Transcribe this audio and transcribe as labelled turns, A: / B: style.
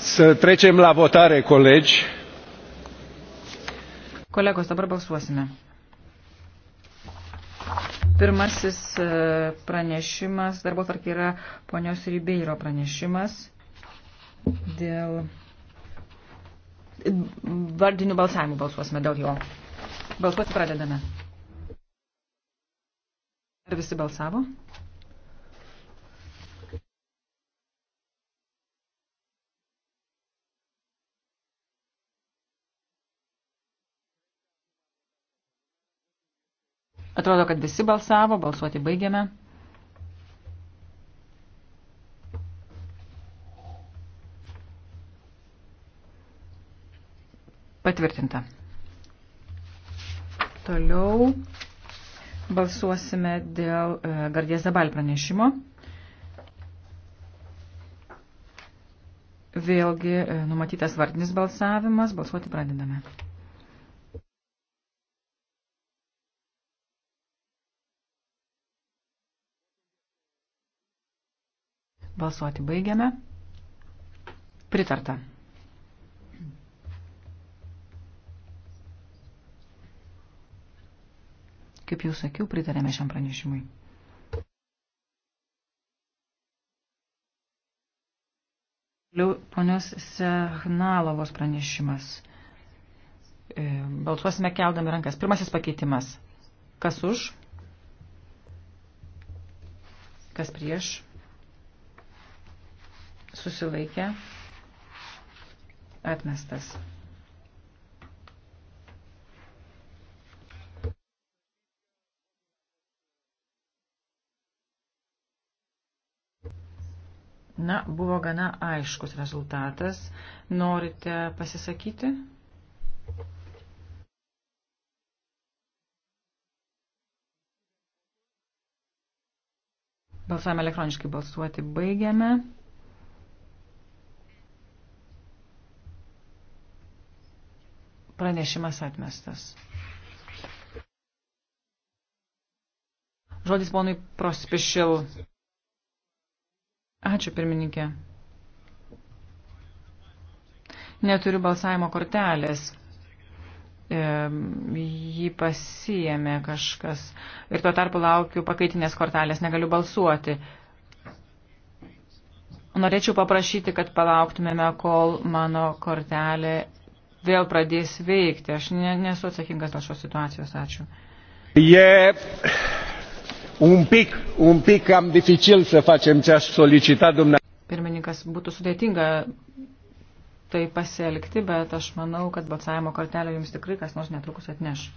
A: Să trecem la votare, colegi. Kolegos, dabar balsuosime. Pirmasis e, pranešimas, darbo tarp yra ponios Rybeiro pranešimas dėl vardinių balsavimų balsuosime dėl jo. Balsuoti pradedame. Ar visi balsavo? Atrodo, kad visi balsavo, balsuoti baigiame. Patvirtinta. Toliau balsuosime dėl e, Gardės Zabal pranešimo. Vėlgi e, numatytas vardinis balsavimas. Balsuoti pradedame. Balsuoti baigiame. Pritarta. Kaip jau sakiau, pritarėme šiam pranešimui. Ponios Sehnalovos pranešimas. E, balsuosime keldami rankas. Pirmasis pakeitimas. Kas už? Kas prieš? susilaikė, atmestas. Na, buvo gana aiškus rezultatas. Norite pasisakyti? Balsavimą elektroniškai balsuoti baigiame. Pranešimas atmestas. Žodis ponui Prospišil. Ačiū, pirmininkė. Neturiu balsavimo kortelės. E, jį pasijėmė kažkas. Ir tuo tarpu laukiu pakaitinės kortelės, negaliu balsuoti. Norėčiau paprašyti, kad palauktumėme, kol mano kortelė vėl pradės veikti. Aš ne, nesu atsakingas dėl šios situacijos. Ačiū. E un pic, un pic cam dificil să facem ce aș solicita dumneavoastră. Pirmininkas būtų sudėtinga tai pasielgti, bet aš manau, kad balsavimo kortelę jums tikrai kas nors netrukus atneš.